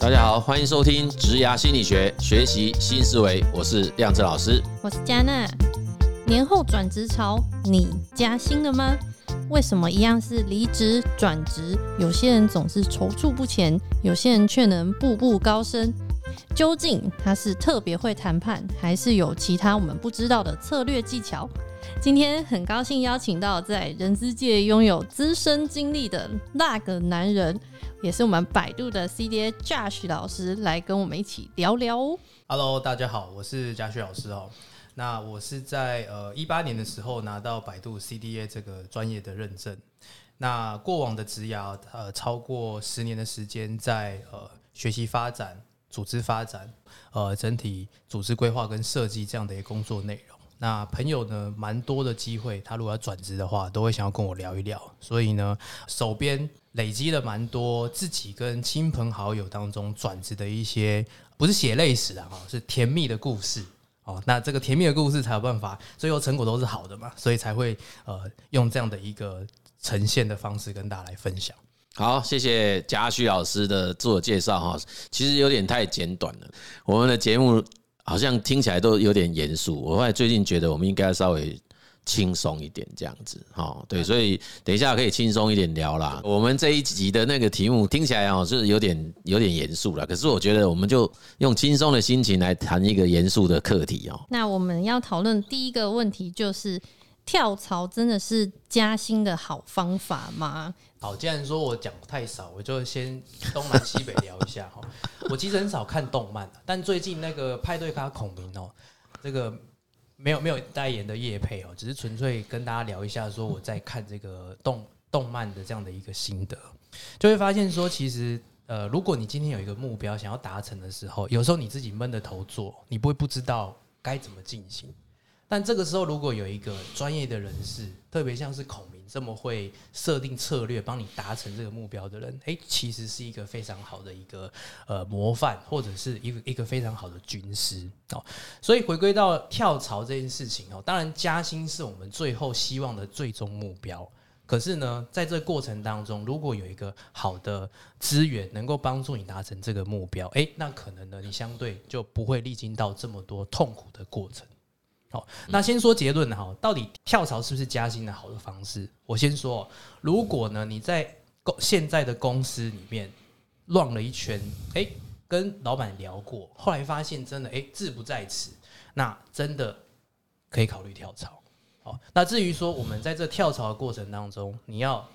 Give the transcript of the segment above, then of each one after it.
大家好，歡迎收聽《職涯心理學》，學習新思維。我是亮震老師，我是嘉那。年後轉職潮，你加薪了嗎？為什麼一樣是離職轉職，有些人總是躊躇不前，有些人卻能步步高升？究竟他是特別會談判，還是有其他我們不知道的策略技巧？今天很高興邀請到在人資界擁有資深經歷的那個男人，也是我們擺渡的 CDA 賈許老師，來跟我們一起聊聊、哦。Hello，大家好，我是賈許老師哦。 那我是在呃一八年的時候拿到擺渡 CDA 這個專業的認證，那過往的職涯呃超過十年的時間在呃學習發展。組織發展，呃，整體組織規劃跟設計這樣的一個工作內容。那朋友呢，蠻多的機會，他如果要轉職的話，都會想要跟我聊一聊。所以呢，手邊累積了蠻多自己跟親朋好友當中轉職的一些，不是血淚史啊，是甜蜜的故事哦。那這個甜蜜的故事才有辦法，最後成果都是好的嘛，所以才會呃用這樣的一個呈現的方式跟大家來分享。好，謝謝賈許老師的自我介紹哈，其實有點太簡短了。我們的節目好像聽起來都有點嚴肅，我後來最近覺得我們應該稍微輕鬆一點這樣子哈。對，所以等一下可以輕鬆一點聊啦。我們這一集的那個題目聽起來哦是有點有點嚴肅了，可是我覺得我們就用輕鬆的心情來談一個嚴肅的課題哦。那我們要討論第一個問題就是，跳槽真的是加薪的好方法嗎？好，既然說我講太少，我就先東南西北聊一下哈。 我其實很少看動漫，但最近那個派對咖孔明哦，這個沒有沒有代言的業配哦，只是純粹跟大家聊一下，說我在看這個動動漫的這樣的一個心得，就會發現說，其實呃，如果你今天有一個目標想要達成的時候，有時候你自己悶着頭做，你不會不知道該怎麼進行。但這個時候，如果有一個專業的人士，特別像是孔明。這麼會設定策略幫你達成這個目標的人，哎，其實是一個非常好的一個呃模範，或者是一個一個非常好的軍師哦。所以回歸到跳槽這件事情哦，當然加薪是我們最後希望的最終目標。可是呢，在這過程當中，如果有一個好的資源能夠幫助你達成這個目標，哎，那可能呢，你相對就不會歷經到這麼多痛苦的過程。好，那先說結論哈，到底跳槽是不是加薪的好的方式？我先說，如果呢，你在公，現在的公司裡面亂了一圈，哎、欸，跟老板聊過，後來發現真的，哎、欸，志不在此，那真的可以考慮跳槽。好，那至於說我們在這跳槽的過程當中，你要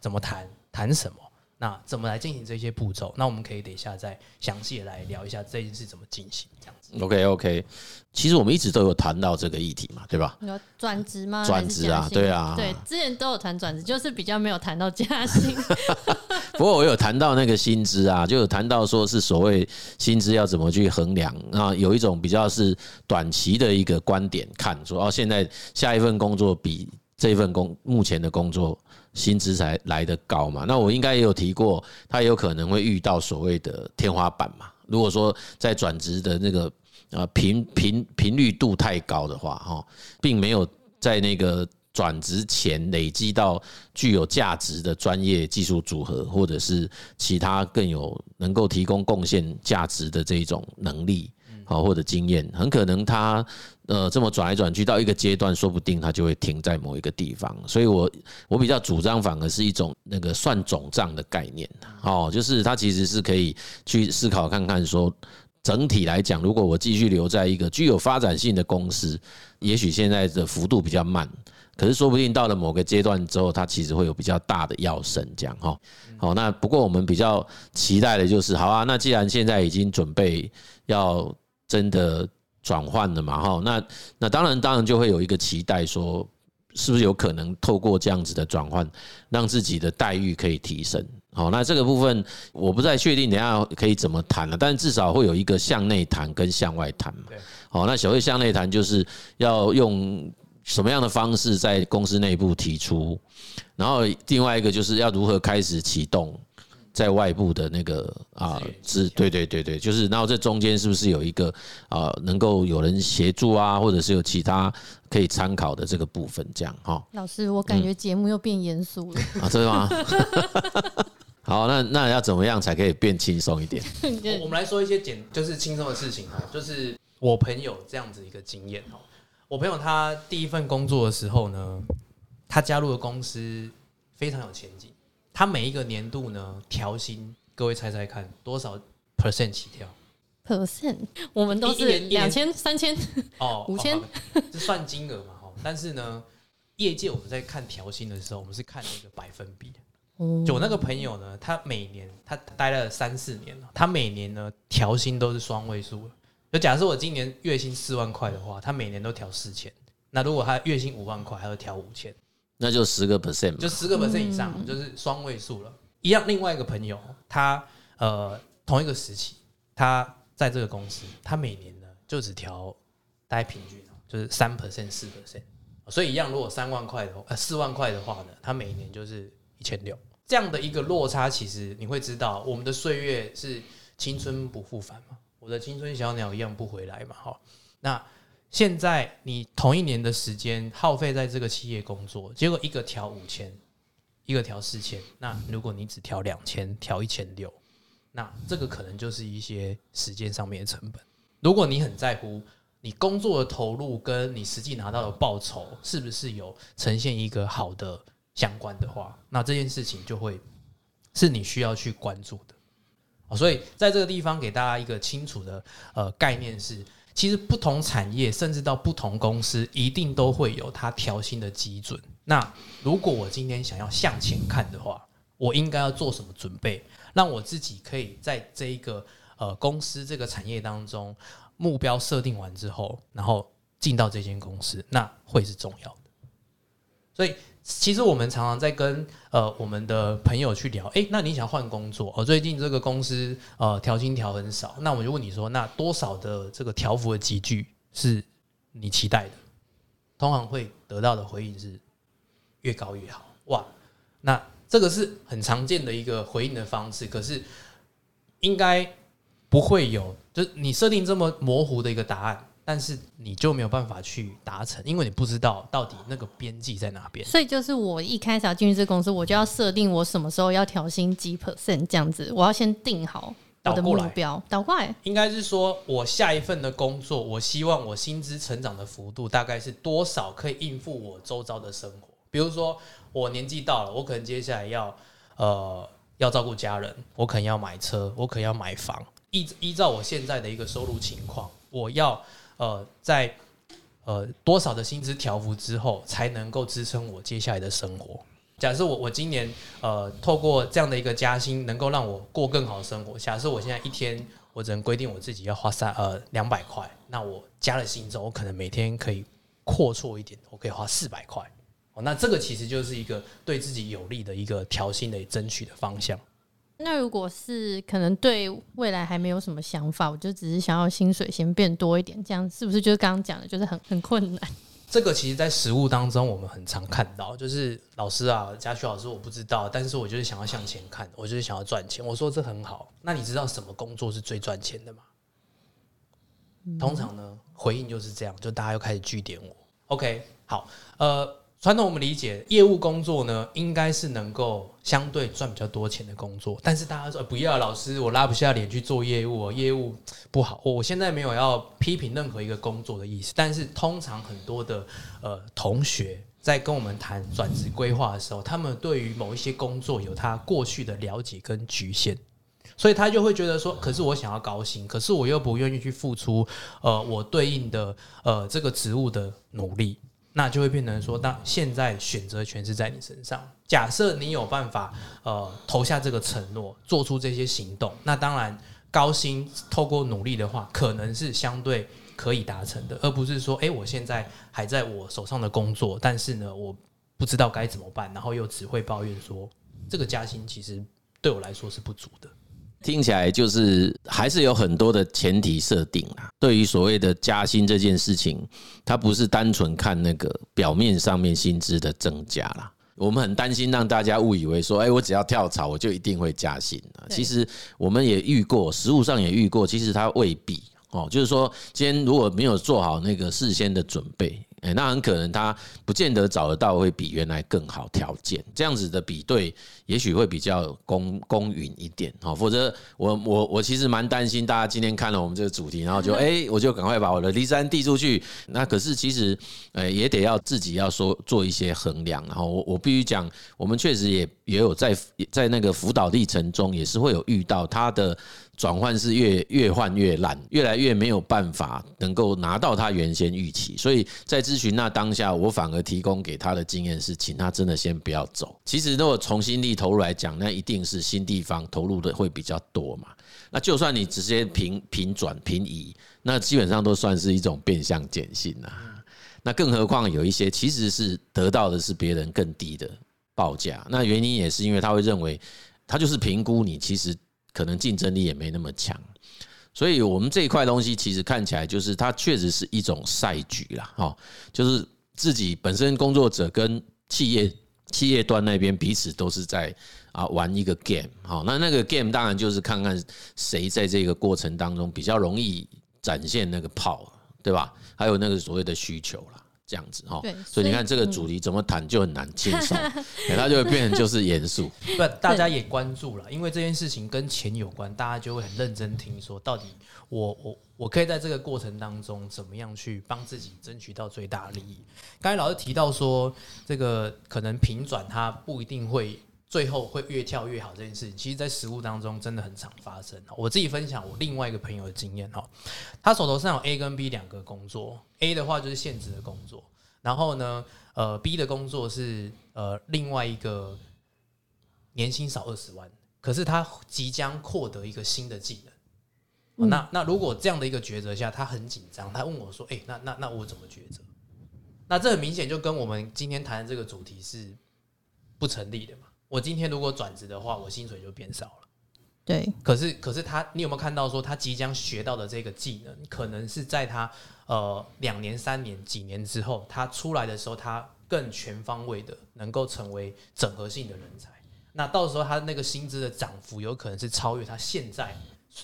怎麼談，談什麼？那怎麼來進行這些步驟？那我們可以等一下再詳細來聊一下，這件事怎麼進行這樣子。OK OK，其實我們一直都有談到這個議題嘛，對吧？有轉職嗎？轉職啊，啊，對啊，對，之前都有談轉職，就是比較沒有談到加薪。 不過我有談到那個薪資啊，就有談到說是所謂薪資要怎麼去衡量啊，有一種比較是短期的一個觀點，看說哦，現在下一份工作比這份工目前的工作。薪資才來得高嘛，那我應該也有提過，他也有可能會遇到所謂的天花板嘛。如果說在轉職的那個啊，頻頻頻率度太高的話，哈，並沒有在那個。轉職前累積到具有價值的專業技術組合，或者是其他更有能夠提供貢獻價值的這一種能力，好或者經驗，很可能他呃這麼轉來轉去到一個階段，說不定他就會停在某一個地方。所以，我我比較主張，反而是一種那個算總賬的概念，好，就是他其實是可以去思考看看，說整體來講，如果我繼續留在一個具有發展性的公司，也許現在的幅度比較慢。可是說不定到了某個階段之後，它其實會有比較大的躍升，這樣哈。好，那不過我們比較期待的就是，好啊，那既然現在已經準備要真的轉換了嘛，哈，那那當然當然就會有一個期待，說是不是有可能透過這樣子的轉換，讓自己的待遇可以提升。好，那這個部分我不再確定，等下可以怎麼談了，但至少會有一個向內談跟向外談嘛。好，那所謂向內談就是要用。什麼樣的方式在公司內部提出？然後另外一個就是要如何開始啟動在外部的那個啊，是，對對對對，就是，然後這中間是不是有一個啊，能夠有人協助啊，或者是有其他可以參考的這個部分，這樣哈、哦？老師，我感覺節目又變嚴肅了、嗯、啊，真的嗎？ 好，那那要怎麼樣才可以變輕鬆一點 ？我們來說一些簡，就是輕鬆的事情啊，就是我朋友這樣子一個經驗哦。我朋友他第一份工作的時候呢，他加入的公司非常有前景。他每一個年度呢調薪，各位猜猜看多少 percent 起跳？percent 我們都是兩千、三千、哦、五千，這、哦、 算金額嘛？哈。但是呢，業界我們在看調薪的時候，我們是看那個百分比的。嗯 就我那個朋友呢，他每年他待了三四年了，他每年呢調薪都是雙位數就假設我今年月薪四萬塊的話，他每年都調四千。那如果他月薪五萬塊，還要調五千，那就十個 percent 嘛，就十個 percent 以上，就是雙位數了。一樣，另外一個朋友，他呃同一個時期，他在這個公司，他每年呢就只調，大概平均就是三 percent、四 percent。所以一樣，如果三萬塊的話，呃四萬塊的話呢，他每年就是一千六。這樣的一個落差，其實你會知道我們的歲月是青春不復返嘛。我的青春小鳥一樣不回來嘛。哈，那現在你同一年的時間耗費在這個企業工作，結果一個調五千，一個調四千。那如果你只調兩千，調一千六，那這個可能就是一些時間上面的成本。如果你很在乎你工作的投入跟你實際拿到的報酬是不是有呈現一個好的相關的話，那這件事情就會是你需要去關注的。所以在這個地方給大家一個清楚的呃概念是，其實不同產業甚至到不同公司，一定都會有它調薪的基準。那如果我今天想要向前看的話，我應該要做什麼準備，讓我自己可以在這一個呃公司這個產業當中目標設定完之後，然後進到這間公司，那會是重要的。所以，其實我們常常在跟呃我們的朋友去聊，哎、欸，那你想換工作？我、哦、最近這個公司呃調薪調很少，那我就問你說，那多少的這個調幅的級距是你期待的？通常會得到的回應是越高越好，哇！那這個是很常見的一個回應的方式，可是應該不會有，就是你設定這麼模糊的一個答案。但是你就沒有辦法去達成，因為你不知道到底那個邊際在哪邊。所以就是我一開始要進入這公司，我就要設定我什麼時候要調薪幾 percent 這樣子，我要先定好我的目標，倒過來。倒過來。應該應該是說我下一份的工作，我希望我薪資成長的幅度大概是多少，可以應付我周遭的生活。比如說我年紀到了，我可能接下來要呃要照顧家人，我可能要買車，我可能要買房。依依照我現在的一個收入情況，我要。呃，在呃多少的薪資調幅之後，才能夠支撐我接下來的生活？假設我我今年呃透過這樣的一個加薪，能夠讓我過更好的生活。假設我現在一天我只能規定我自己要花三呃兩百塊，那我加了薪之後，我可能每天可以闊綽一點，我可以花四百塊。哦，那這個其實就是一個對自己有利的一個調薪的爭取的方向。那如果是可能對未來還沒有什麼想法，我就只是想要薪水先變多一點，這樣是不是就是剛剛講的，就是很很困難？這個其實，在實務當中我們很常看到，就是老師啊，賈許老師我不知道，但是我就是想要向前看，嗯、我就是想要賺錢。我說這很好，那你知道什麼工作是最賺錢的嗎、嗯？通常呢，回應就是這樣，就大家又開始句點我。OK，好，呃。傳統我們理解業務工作呢，應該是能夠相對賺比較多錢的工作。但是大家說、欸、不要老師，我拉不下臉去做業務，業務不好。我現在沒有要批評任何一個工作的意思。但是通常很多的呃同學在跟我們談轉職規劃的時候，他們對於某一些工作有他過去的了解跟局限，所以他就會覺得說，可是我想要高薪，可是我又不願意去付出呃我對應的呃這個職務的努力。那就會變成說，當現在選擇權是在你身上。假設你有辦法，呃，投下這個承諾，做出這些行動，那當然高薪透過努力的話，可能是相對可以達成的，而不是說，誒，欸，我現在還在我手上的工作，但是呢，我不知道該怎麼辦，然後又只會抱怨說，這個加薪其實對我來說是不足的。聽起來就是還是有很多的前提設定啦，對於所謂的加薪這件事情，它不是單純看那個表面上面薪資的增加啦。我們很擔心讓大家誤以為說，哎，我只要跳槽我就一定會加薪。其實我們也遇過，實務上也遇過，其實它未必哦。就是說，今天如果沒有做好那個事先的準備。那很可能他不見得找得到會比原來更好條件，這樣子的比對也許會比較公公允一點。好，否則我我我其實蠻擔心，大家今天看了我們這個主題，然後就哎、欸，我就趕快把我的辭呈遞出去。那可是其實，哎，也得要自己要說做一些衡量。然後我我必須講，我們確實也也有在在那個輔導歷程中，也是會有遇到他的。轉換是越越換越爛，越來越沒有辦法能夠拿到他原先預期，所以在諮詢那當下，我反而提供給他的經驗是，請他真的先不要走。其實如果從心力投入來講，那一定是新地方投入的會比較多嘛。那就算你直接平平轉平移，那基本上都算是一種變相減薪吶。那更何況有一些其實是得到的是別人更低的報價，那原因也是因為他會認為他就是評估你其實。可能競爭力也沒那麼強，所以我們這一塊東西其實看起來就是它，確實是一種賽局了哈，就是自己本身工作者跟企業企業端那邊彼此都是在啊玩一個 game，好，那那個 game 當然就是看看誰在這個過程當中比較容易展現那個 power，對吧？還有那個所謂的需求這樣子哈，所以你看這個主題怎麼談就很難輕鬆，嗯、它，就會變成就是嚴肅。不，大家也關注了，因為這件事情跟錢有關，大家就會很認真聽，說到底我我我可以在這個過程當中怎麼樣去幫自己爭取到最大的利益。剛才老師提到說，這個可能平轉它不一定會。最後會越跳越好這件事情，其實，在實務當中真的很常發生。我自己分享我另外一個朋友的經驗哈，他手頭上有 A 跟 B 兩個工作，A 的話就是現職的工作，然後呢，呃，B 的工作是呃另外一個年薪少二十萬，可是他即將獲得一個新的技能。嗯、那那如果這樣的一個抉擇下，他很緊張，他問我說：“哎、欸，那那那我怎麼抉擇？”那這很明顯就跟我們今天談的這個主題是不成立的嘛。我今天如果轉職的話，我薪水就變少了。對，可是可是他，你有沒有看到說，他即將學到的這個技能，可能是在他呃兩年、三年、幾年之後，他出來的時候，他更全方位的能夠成為整合性的人才。那到時候他那個薪資的漲幅，有可能是超越他現在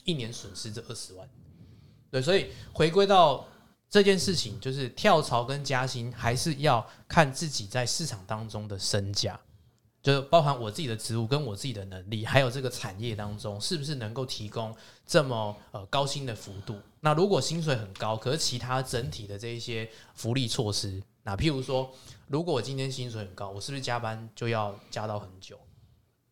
一年損失這二十萬。對，所以回歸到這件事情，就是跳槽跟加薪，還是要看自己在市場當中的身價。就包含我自己的職務跟我自己的能力，還有這個產業當中是不是能夠提供這麼呃高薪的幅度？那如果薪水很高，可是其他整體的這一些福利措施，那譬如說，如果我今天薪水很高，我是不是加班就要加到很久？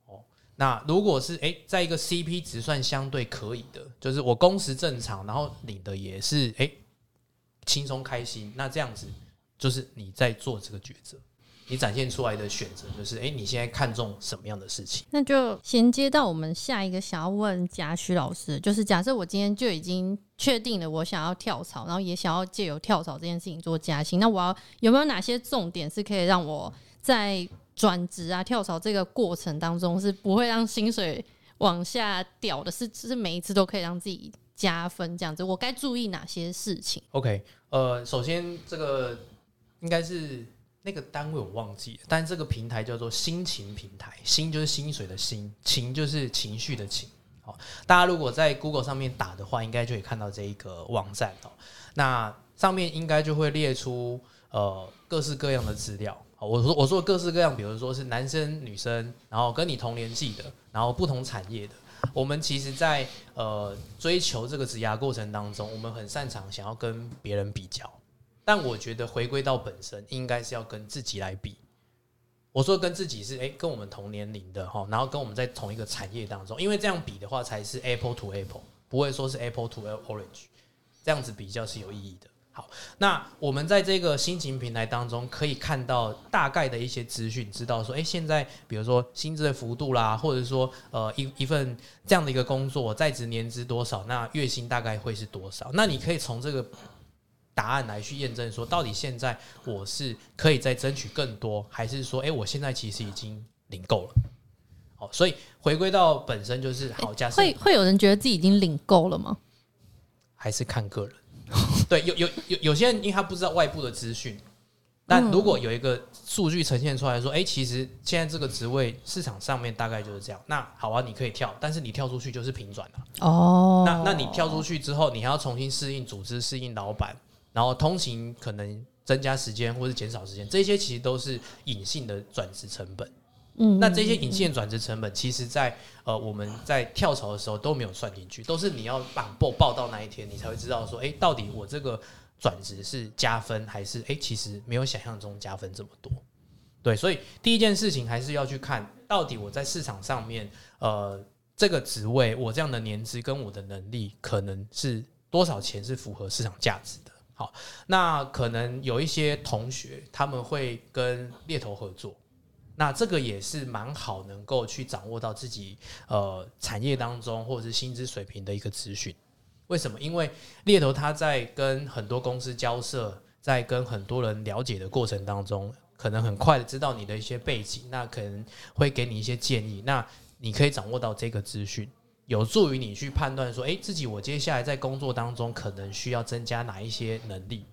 哦，那如果是誒、欸，在一個 CP 值算相對可以的，就是我工時正常，然後領的也是誒，欸、輕鬆開心，那這樣子就是你在做這個抉擇。你展現出來的選擇就是，哎、欸，你現在看重什麼樣的事情？那就銜接到我們下一個想要問賈許老師，就是假設我今天就已經確定了，我想要跳槽，然後也想要借由跳槽這件事情做加薪，那我要有沒有哪些重點是可以讓我在轉職啊、跳槽這個過程當中是不會讓薪水往下掉的，是是每一次都可以讓自己加分這樣子？我該注意哪些事情？OK，呃，首先這個應該是。那個單位我忘記了，但這個平台叫做“心情平台”，心就是薪水的薪，情就是情緒的情。好，大家如果在 Google 上面打的話，應該就可以看到這一個網站哦。那上面應該就會列出呃各式各樣的資料好。我說我說各式各樣，比如說是男生、女生，然後跟你同年紀的，然後不同產業的。我們其實在，在呃追求這個職涯過程當中，我們很擅長想要跟別人比較。但我覺得回歸到本身，應該是要跟自己來比。我說跟自己是誒、欸，跟我們同年齡的哈，然後跟我們在同一個產業當中，因為這樣比的話才是 apple to apple，不會說是 apple to orange，這樣子比較是有意義的。好，那我們在這個薪情平台當中可以看到大概的一些資訊，知道說誒、欸，現在比如說薪資的幅度啦，或者說呃一一份這樣的一個工作在職年資多少，那月薪大概會是多少？那你可以從這個。答案來去驗證，說到底現在我是可以再爭取更多，還是說，誒、欸，我現在其實已經領夠了。好、哦，所以回歸到本身就是好價值、欸。會會有人覺得自己已經領夠了嗎？還是看個人。 對，有有有有些人因為他不知道外部的資訊，但如果有一個數據呈現出來說，誒、嗯欸，其實現在這個職位市場上面大概就是這樣。那好啊，你可以跳，但是你跳出去就是平轉了、啊。哦，那那你跳出去之後，你還要重新適應組織，適應老闆。然後，通勤可能增加時間或是減少時間，這些其實都是隱性的轉職成本。嗯，那這些隱性的轉職成本，其實在，在呃我們在跳槽的時候都沒有算進去，都是你要把報報到那一天，你才會知道說，誒，到底我這個轉職是加分還是誒？其實沒有想象中加分這麼多。對，所以第一件事情還是要去看到底我在市場上面，呃，這個職位我這樣的年資跟我的能力，可能是多少錢是符合市場價值的。好，那可能有一些同學他們會跟獵頭合作，那這個也是蠻好，能夠去掌握到自己呃產業當中或者是薪資水平的一個資訊。為什麼？因為獵頭他在跟很多公司交涉，在跟很多人了解的過程當中，可能很快的知道你的一些背景，那可能會給你一些建議，那你可以掌握到這個資訊。有助於你去判斷說，誒、欸、自己我接下來在工作當中可能需要增加哪一些能力？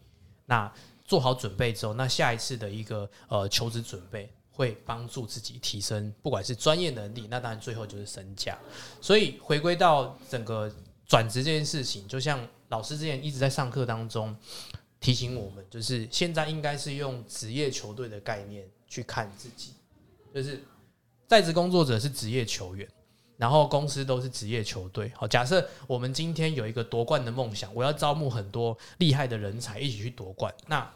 那做好準備之後，那下一次的一個呃求職準備會幫助自己提升，不管是專業能力，那當然最後就是身價。所以回歸到整個轉職這件事情，就像老師之前一直在上課當中提醒我們，就是現在應該是用職業球隊的概念去看自己，就是在職工作者是職業球員，然後公司都是職業球隊，好，假設我們今天有一個奪冠的夢想，我要招募很多厲害的人才一起去奪冠，那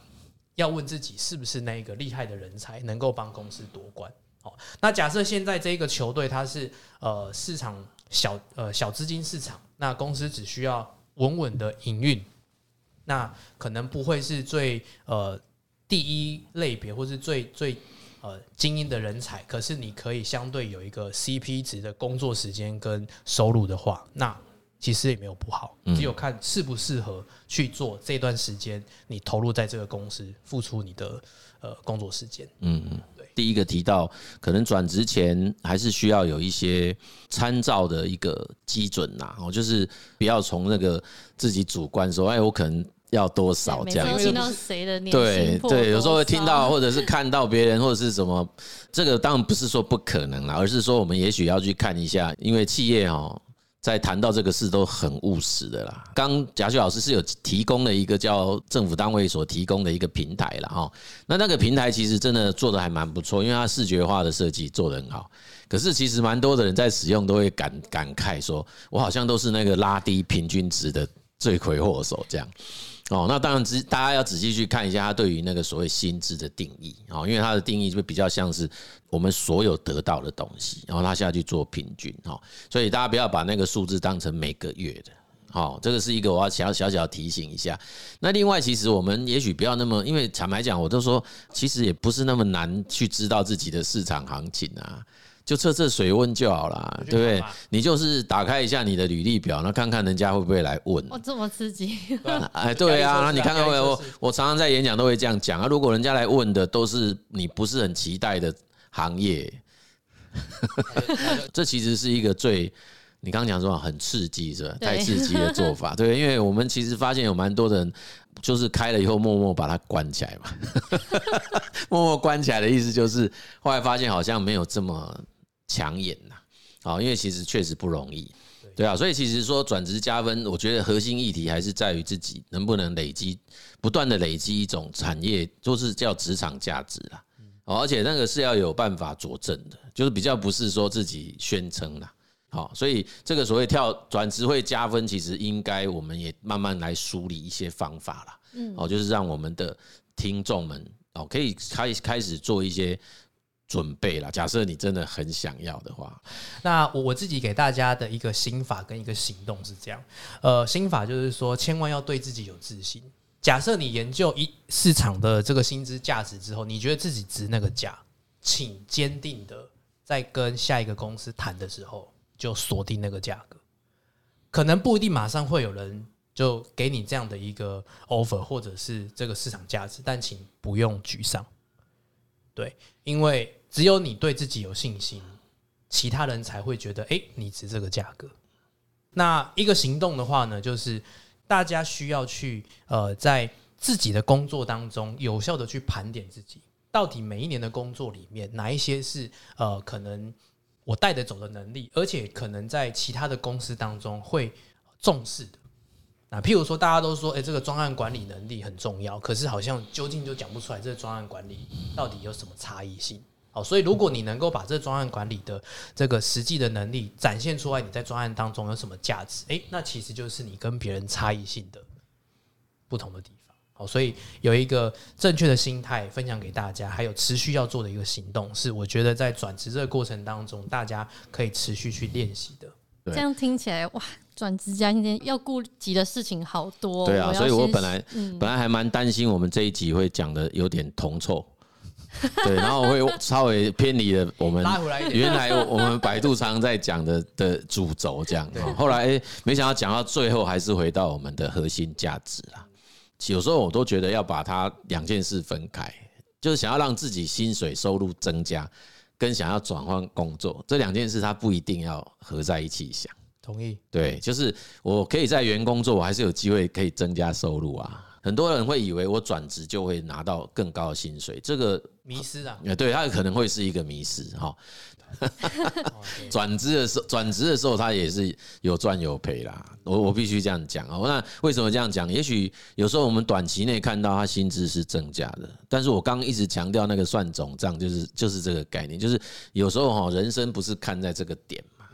要問自己是不是那個厲害的人才能夠幫公司奪冠？好，那假設現在這個球隊它是呃市場小呃小資金市場，那公司只需要穩穩的營運，那可能不會是最呃第一類別或是最最。呃，精英的人才，可是你可以相對有一個 CP 值的工作時間跟收入的話，那其實也沒有不好，只有看適不適合去做。這段時間你投入在這個公司，付出你的呃工作時間。嗯，對。第一個提到，可能轉職前還是需要有一些參照的一個基準吶，哦，就是不要從那個自己主觀說，哎，我可能。要多少這樣子？對對，有時候會聽到，或者是看到別人，或者是什麼，這個當然不是說不可能啦，而是說我們也許要去看一下。因為企業哦，在談到這個事都很務實的啦。剛賈許老師是有提供了一個叫政府單位所提供的一個平台了哈。那那個平台其實真的做得還蠻不錯，因為它視覺化的設計做得很好。可是其實蠻多的人在使用都會感感慨說，我好像都是那個拉低平均值的罪魁禍首這樣。哦，那當然，大家要仔細去看一下他對於那個所謂薪資的定義哦，因為他的定義就比較像是我們所有得到的東西，然後他下去做平均哦，所以大家不要把那個數字當成每個月的哦，這個是一個我要小小小提醒一下。那另外，其實我們也許不要那麼，因為坦白講，我都說其實也不是那麼難去知道自己的市場行情啊。就測測水溫就好了，對不對？你就是打開一下你的履歷表，然後看看人家會不會來問。哇，這麼刺激！哎，對啊，那你看看我我常常在演講都會這樣講啊。如果人家來問的都是你不是很期待的行業，這其實是一個最你剛剛講說很刺激，是吧？太刺激的做法。對，因為我們其實發現有蠻多人就是開了以後默默把它關起來嘛。默默關起來的意思就是後來發現好像沒有這麼。搶眼吶，好，因為其實確實不容易，對啊。所以其實說轉職加分，我覺得核心議題還是在於自己能不能累積，不斷的累積一種產業，就是叫職場價值啊，而且那個是要有辦法佐證的，就是比較不是說自己宣稱啦。好，所以這個所謂跳轉職會加分，其實應該我們也慢慢來梳理一些方法了，嗯，哦，就是讓我們的聽眾們哦可以開開始做一些準備啦。假設你真的很想要的話，那我我自己給大家的一個心法跟一個行動是這樣。呃，心法就是說，千萬要對自己有自信。假設你研究一市場的這個薪資價值之後，你覺得自己值那個價，請堅定的在跟下一個公司談的時候就鎖定那個價格。可能不一定馬上會有人就給你這樣的一個 offer，或者是這個市場價值，但請不用沮喪。對，因為。只有你對自己有信心，其他人才會覺得，欸，你值這個價格。那一個行動的話呢，就是大家需要去呃，在自己的工作當中有效的去盤點自己，到底每一年的工作裡面哪一些是呃可能我帶得走的能力，而且可能在其他的公司當中會重視的。那譬如說，大家都說，欸，這個專案管理能力很重要，可是好像究竟就講不出來，這個專案管理到底有什麼差異性？好，所以如果你能夠把這專案管理的這個實際的能力展現出來，你在專案當中有什麼價值？誒、欸，那其實就是你跟別人差異性的不同的地方。好，所以有一個正確的心態分享給大家，還有持續要做的一個行動，是我覺得在轉職這個過程當中，大家可以持續去練習的。這樣聽起來哇，轉職加薪要顧及的事情好多。對啊，所以我本來、嗯、本來還蠻擔心，我們這一集會講的有點銅臭。對，然後我會稍微偏離了我們原來我們百度常在講的的主軸，這樣啊。後來沒想到講到最後還是回到我們的核心價值啦。有時候我都覺得要把它兩件事分開，就是想要讓自己薪水收入增加，跟想要轉換工作這兩件事，它不一定要合在一起想。同意。對，就是我可以在原工作，我還是有機會可以增加收入啊。很多人會以為我轉職就會拿到更高的薪水，這個。迷失啊！哎，對他可能會是一個迷失哈。轉職的時候，轉職的時候他也是有賺有賠啦。我我必須這樣講啊，那為什麼這樣講？也許有時候我們短期內看到他薪資是增加的，但是我剛剛一直強調那個算總賬，就是就是這個概念，就是有時候哈，人生不是看在這個點嘛。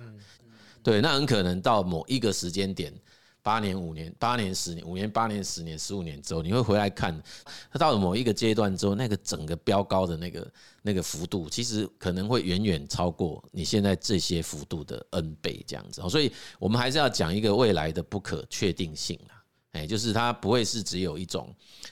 對，那很可能到某一個時間點。八年五年八年十年五年八年十年十五年之後，你會回來看，它到了某一個階段之後，那個整個飆高的那個那個幅度，其實可能會遠遠超過你現在這些幅度的 N 倍這樣子。所以，我們還是要講一個未來的不可確定性啊。哎，就是它不會是只有一種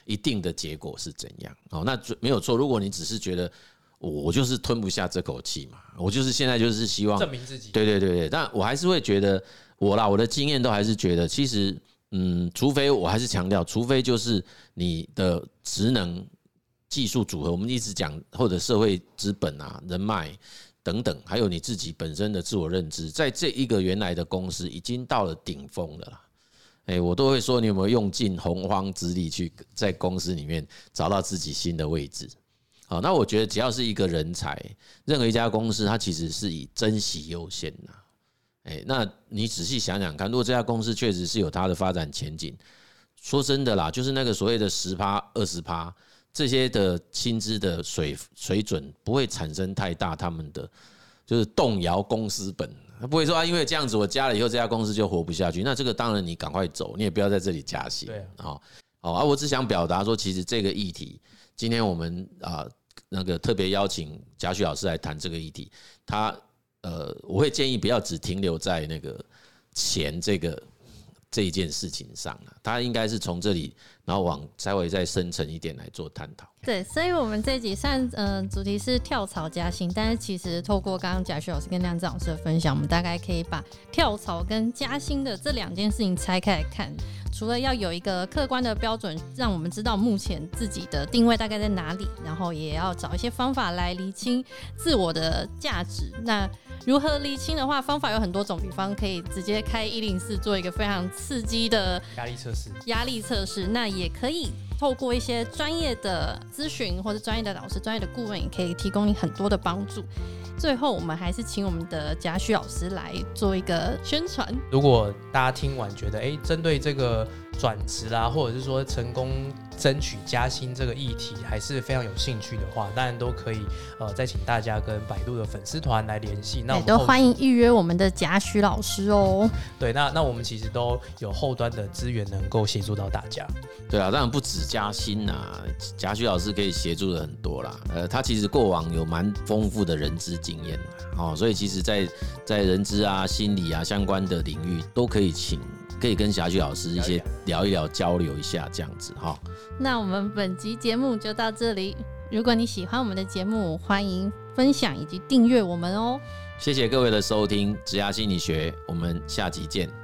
一定的結果是怎樣哦。那沒有錯，如果你只是覺得我就是吞不下這口氣嘛，我就是現在就是希望證明自己。對對對對，但我還是會覺得。我啦，我的經驗都還是覺得，其實，嗯，除非我還是強調，除非就是你的職能技術組合，我們一直講，或者社會資本啊、人脈等等，還有你自己本身的自我認知，在這一個原來的公司已經到了頂峰了啦。啦、欸。我都會說，你有沒有用盡洪荒之力去在公司裡面找到自己新的位置？好，那我覺得只要是一個人才，任何一家公司，它其實是以珍惜優先的。哎、欸，那你仔細想想看，如果這家公司確實是有它的發展前景，說真的啦，就是那個所謂的十趴、二十趴這些的薪資的水水準，不會產生太大他們的就是動搖公司本，他不會說啊，因為這樣子我加了以後，這家公司就活不下去。那這個當然你趕快走，你也不要在這裡加薪。對、啊，好、哦，好、啊。我只想表達說，其實這個議題，今天我們啊那個特別邀請賈許老師來談這個議題，他。呃，我會建議不要只停留在那個錢這個這一件事情上啊，它應該是從這裡，然後往稍微再深層一點來做探討。對，所以，我們這集算，嗯、呃，主題是跳槽加薪，但是其實透過剛剛賈許老師跟亮震老師的分享，我們大概可以把跳槽跟加薪的這兩件事情拆開來看，除了要有一個客觀的標準，讓我們知道目前自己的定位大概在哪裡，然後也要找一些方法來釐清自我的價值。那如何釐清的話，方法有很多種。比方可以直接開一零四做一個非常刺激的壓力測試，壓力測試那也可以。透過一些專業的諮詢或者專業的老師、專業的顧問，也可以提供你很多的幫助。最後，我們還是請我們的賈許老師來做一個宣傳。如果大家聽完覺得哎，針對這個。轉職啦，或者是說成功爭取加薪這個議題，還是非常有興趣的話，當然都可以呃再請大家跟擺渡的粉絲團來聯繫。那也都歡迎預約我們的賈許老師哦。對，那那我們其實都有後端的資源能夠協助到大家。對啊，當然不止加薪吶、啊，賈許老師可以協助的很多啦。呃，他其實過往有蠻豐富的人資經驗哦，所以其實在，在在人資啊、心理啊相關的領域，都可以請。可以跟賈許老師一些聊一聊，聊，一聊一聊，交流一下這樣子哈。那我們本集節目就到這裡。如果你喜歡我們的節目，歡迎分享以及訂閱我們哦、喔。謝謝各位的收聽《職涯心理學》，我們下集見。